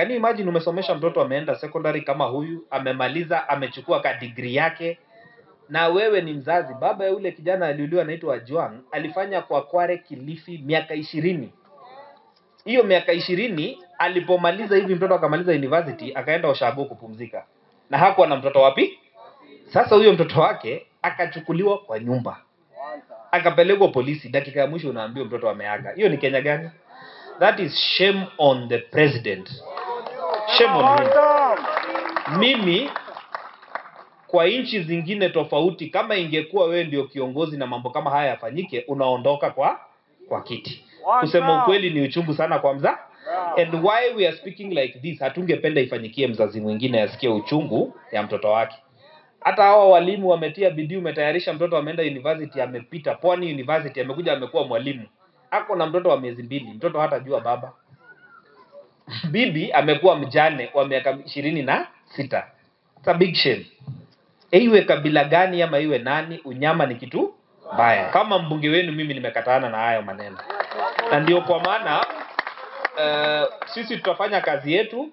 Can you imagine umesomesha mtoto ameenda secondary kama huyu, amemaliza, amechukua ka degree yake na wewe ni mzazi. Baba ya yule kijana aliuliwa anaitwa Juang, alifanya kwa Kware Kilifi miaka ishirini. Hiyo miaka ishirini alipomaliza hivi mtoto akamaliza university akaenda Oshago kupumzika. Na hakuwa na mtoto wapi? Sasa huyo mtoto wake akachukuliwa kwa nyumba. Akapelekwa polisi, dakika ya mwisho unaambiwa mtoto ameaga. Hiyo ni Kenya gani? That is shame on the president mimi kwa nchi zingine tofauti, kama ingekuwa wewe ndio kiongozi na mambo kama haya yafanyike, unaondoka kwa kwa kiti. Kusema ukweli ni uchungu sana kwa mza and why we are speaking like this, hatungependa ifanyikie mzazi mwingine asikie uchungu ya mtoto wake. Hata hawa walimu wametia bidii, umetayarisha mtoto ameenda university, amepita Pwani University, amekuja amekuwa mwalimu, ako na mtoto wa miezi mbili, mtoto hata jua baba bibi amekuwa mjane wa miaka ishirini na sita. It's a big shame. Iwe kabila gani ama iwe nani, unyama ni kitu mbaya. Kama mbunge wenu, mimi nimekatana na hayo maneno, na ndio kwa maana uh, sisi tutafanya kazi yetu